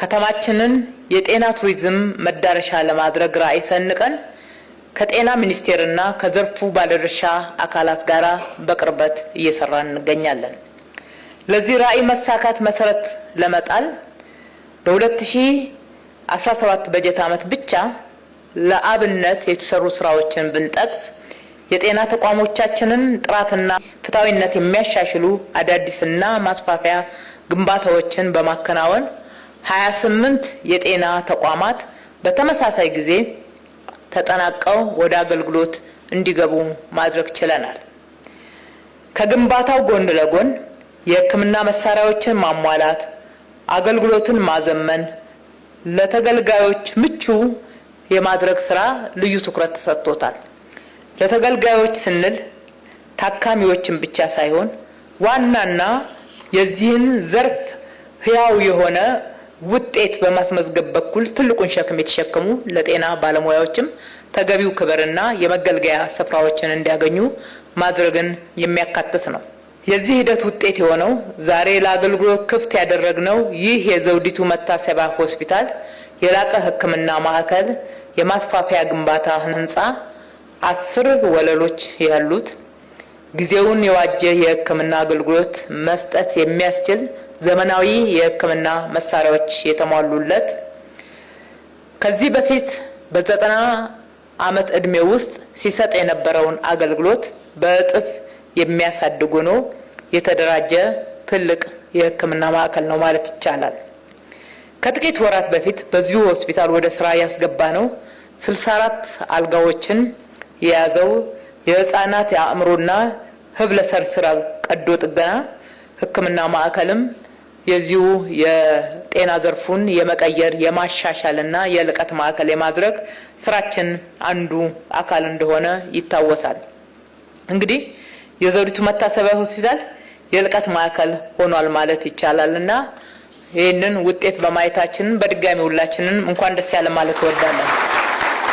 ከተማችንን የጤና ቱሪዝም መዳረሻ ለማድረግ ራዕይ ሰንቀን ከጤና ሚኒስቴርና ከዘርፉ ባለድርሻ አካላት ጋር በቅርበት እየሰራ እንገኛለን። ለዚህ ራዕይ መሳካት መሰረት ለመጣል በ2017 በጀት ዓመት ብቻ ለአብነት የተሰሩ ስራዎችን ብንጠቅስ የጤና ተቋሞቻችንን ጥራትና ፍትሐዊነት የሚያሻሽሉ አዳዲስና ማስፋፊያ ግንባታዎችን በማከናወን 28 የጤና ተቋማት በተመሳሳይ ጊዜ ተጠናቀው ወደ አገልግሎት እንዲገቡ ማድረግ ችለናል። ከግንባታው ጎን ለጎን የሕክምና መሳሪያዎችን ማሟላት፣ አገልግሎትን ማዘመን፣ ለተገልጋዮች ምቹ የማድረግ ስራ ልዩ ትኩረት ተሰጥቶታል። ለተገልጋዮች ስንል ታካሚዎችን ብቻ ሳይሆን ዋናና የዚህን ዘርፍ ህያው የሆነ ውጤት በማስመዝገብ በኩል ትልቁን ሸክም የተሸከሙ ለጤና ባለሙያዎችም ተገቢው ክብርና የመገልገያ ስፍራዎችን እንዲያገኙ ማድረግን የሚያካትት ነው። የዚህ ሂደት ውጤት የሆነው ዛሬ ለአገልግሎት ክፍት ያደረግነው ይህ የዘውዲቱ መታሰቢያ ሆስፒታል የላቀ ሕክምና ማዕከል የማስፋፊያ ግንባታ ህንፃ አስር ወለሎች ያሉት ጊዜውን የዋጀ የሕክምና አገልግሎት መስጠት የሚያስችል ዘመናዊ የሕክምና መሳሪያዎች የተሟሉለት ከዚህ በፊት በዘጠና ዓመት ዕድሜ ውስጥ ሲሰጥ የነበረውን አገልግሎት በእጥፍ የሚያሳድጉ ነው የተደራጀ ትልቅ የሕክምና ማዕከል ነው ማለት ይቻላል። ከጥቂት ወራት በፊት በዚሁ ሆስፒታል ወደ ስራ ያስገባ ነው 64 አልጋዎችን የያዘው የህፃናት የአእምሮና ህብለ ሰርስራ ቀዶ ጥገና ህክምና ማዕከልም የዚሁ የጤና ዘርፉን የመቀየር የማሻሻልና የልቀት ማዕከል የማድረግ ስራችን አንዱ አካል እንደሆነ ይታወሳል። እንግዲህ የዘውዲቱ መታሰቢያ ሆስፒታል የልቀት ማዕከል ሆኗል ማለት ይቻላል እና ይህንን ውጤት በማየታችን በድጋሚ ሁላችንን እንኳን ደስ ያለ ማለት እወዳለሁ።